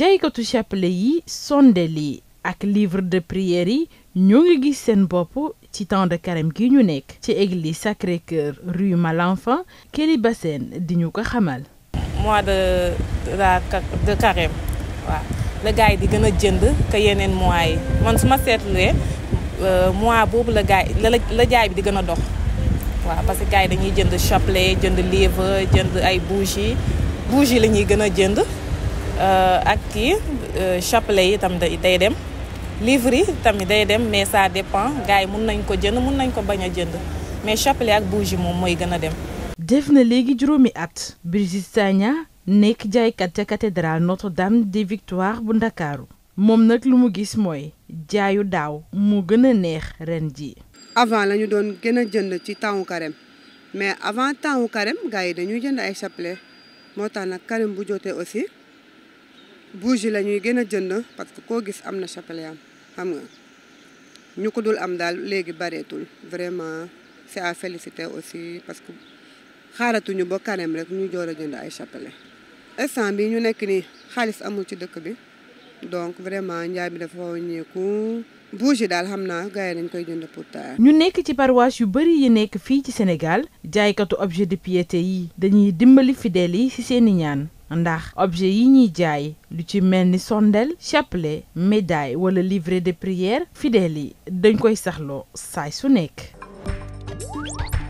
jaykatu chapelet yi sondeel yi ak livre de prière yi ñoo ngi gis seen bopp ci temps de carême gi ñu nekk ci église Sacré-Cœur rue Malenfant Kéli Bassène di ñu ko xamal mois de la de carême waaw la gars di gën a jënd que yeneen mois yi man su ma seetluwee euh, mois boobu la gaay la la jaay bi di gën a dox waaw parce que gars yi dañuy jënd chapelet jënd livre jënd ay bougie yi la ñuy gën a jënd euh, ak ki euh, chapelet yi tam day dem livre yi tamit day dem mais ça dépend gars yi mun nañ ko jënd mun nañ ko bañ a jënd mais chapelet ak yi moom mooy gën a dem. def na léegi juróomi at. Brigitte Sagna nekk jaaykat ca cathédrale Notre-Dame des Victoires bu Ndakaaru moom nag lu mu gis mooy jaayu daaw moo gën a neex ren ji avant la ñu doon gën a jënd ci temps carême mais avant temps carême gars yi dañuy jënd ay chapelet moo tax nag carême bu jotee aussi bougie la ñuy gën a jënd parce que koo gis am na chapelet am xam nga ñu ko dul am daal léegi bareetul vraiment c'est à féliciter aussi parce que xaaratuñu ba carême rek ñu joor a jënd ay chapelet instant bi ñu nekk nii xaalis amul ci dëkk bi donc vraiment njaay bi dafa wàññeeku bouche daal xam na gars dañ koy jënd pour taar. ñu nekk ci paroisse yu bëri yi nekk fii ci Sénégal jaaykatu objet de piété yi dañuy dimbali fidèles yi ci seeni ñaan ndax objet yi ñuy jaay lu ci mel ni sondel chapelet médaille wala livret de prière fidèles yi dañ koy saxloo saay su nekk.